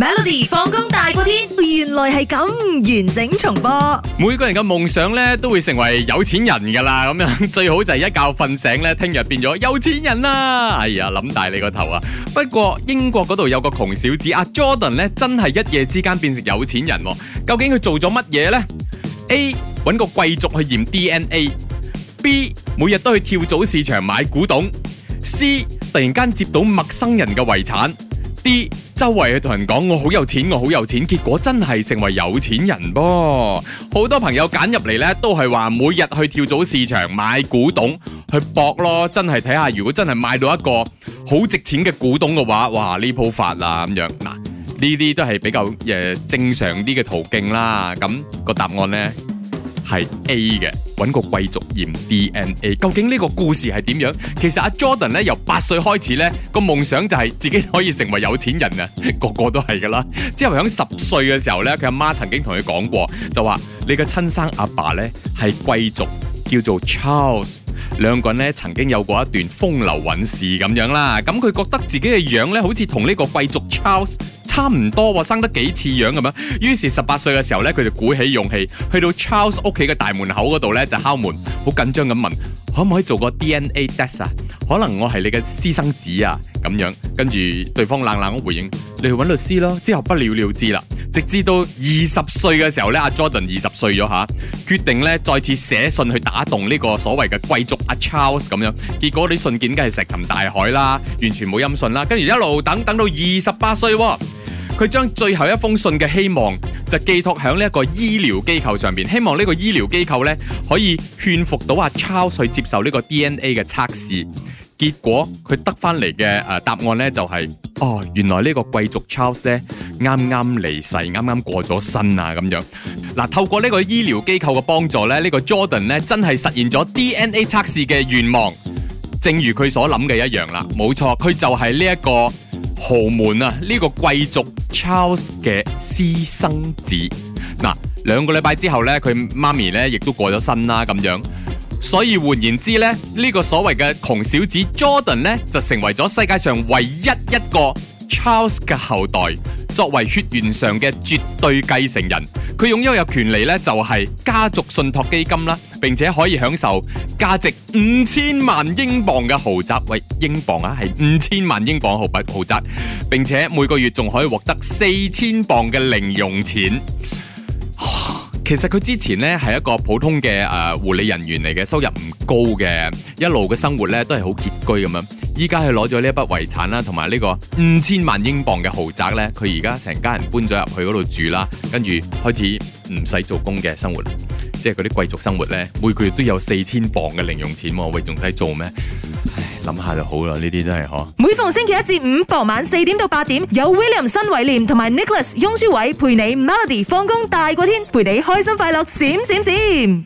Melody 放工大過天，原來係咁，完整重播。每個人嘅夢想咧都會成為有錢人噶啦，咁樣最好就係一覺瞓醒咧，聽日變咗有錢人啦。哎呀，諗大你個頭啊！不過英國嗰度有個窮小子阿、啊、Jordan 咧，真係一夜之間變成有錢人。究竟佢做咗乜嘢呢？A 揾個貴族去驗 DNA，B 每日都去跳蚤市場買古董，C 突然間接到陌生人嘅遺產，D。周圍去同人講，我好有錢我好有錢，結果真係成為有錢人噃。好多朋友揀入嚟呢，都係話每日去跳蚤市場買古董去搏咯。真係睇下，如果真係買到一個好值錢嘅古董嘅話，哇！呢鋪發喇，咁樣，嗱呢啲都係比較誒、呃、正常啲嘅途徑啦。咁、個答案呢。係 A 嘅，揾個貴族驗 DNA，究竟呢個故事係點樣？其實阿 Jordan 咧，由八歲開始呢個夢想就係自己可以成為有錢人啊，個個都係噶啦。之後響十歲嘅時候呢，佢阿媽曾經同佢講過，就話你嘅親生阿爸呢，係貴族，叫做 Charles，兩個人咧曾經有過一段風流韻事咁樣啦。咁佢覺得自己嘅樣呢，好似同呢個貴族 Charles。差唔多喎、哦，生得幾似樣咁樣，於是十八歲嘅時候咧，佢就鼓起勇氣去到 Charles 屋企嘅大門口嗰度咧，就敲門，好緊張咁問可唔可以做個 D N A test 啊？可能我係你嘅私生子啊？咁樣，跟住對方冷冷咁回應，你去搵律師咯。之後不了了之啦。直至到二十歲嘅時候咧，阿 Jordan 二十歲咗吓，決定咧再次寫信去打動呢個所謂嘅貴族阿 Charles 咁樣。結果啲信件梗係石沉大海啦，完全冇音訊啦。跟住一路等等到二十八歲。佢將最後一封信嘅希望就寄託喺呢一個醫療機構上邊，希望呢個醫療機構呢，可以勸服到阿 Charles 去接受呢個 DNA 嘅測試。結果佢得翻嚟嘅誒答案呢，就係、是：哦，原來呢個貴族 Charles 呢啱啱離世，啱啱過咗身啊咁樣。嗱、啊，透過呢個醫療機構嘅幫助呢，呢、這個 Jordan 呢，真係實現咗 DNA 測試嘅願望，正如佢所諗嘅一樣啦。冇錯，佢就係呢一個。豪門啊，呢、這個貴族 Charles 嘅私生子，嗱，兩個禮拜之後呢，佢媽咪呢亦都過咗身啦、啊，咁樣，所以換言之呢，呢、這個所謂嘅窮小子 Jordan 呢，就成為咗世界上唯一一個 Charles 嘅後代，作為血緣上嘅絕對繼承人，佢擁有嘅權利呢，就係、是、家族信託基金啦。並且可以享受價值五千萬英鎊嘅豪宅，喂，英鎊啊，係五千萬英鎊嘅豪宅，並且每個月仲可以獲得四千鎊嘅零用錢。其實佢之前呢係一個普通嘅誒護理人員嚟嘅，收入唔高嘅，一路嘅生活呢都係好拮據咁樣。依家佢攞咗呢一筆遺產啦，同埋呢個五千萬英鎊嘅豪宅呢，佢而家成家人搬咗入去嗰度住啦，跟住開始唔使做工嘅生活。即係嗰啲貴族生活呢，每個月都有四千磅嘅零用錢喎，為仲使做咩？唉，諗下就好啦，呢啲真係嗬，每逢星期一至五傍晚四點到八點，有 William 新偉廉同埋 Nicholas 翁舒偉陪你 Melody 放工大過天，陪你開心快樂閃閃閃閃。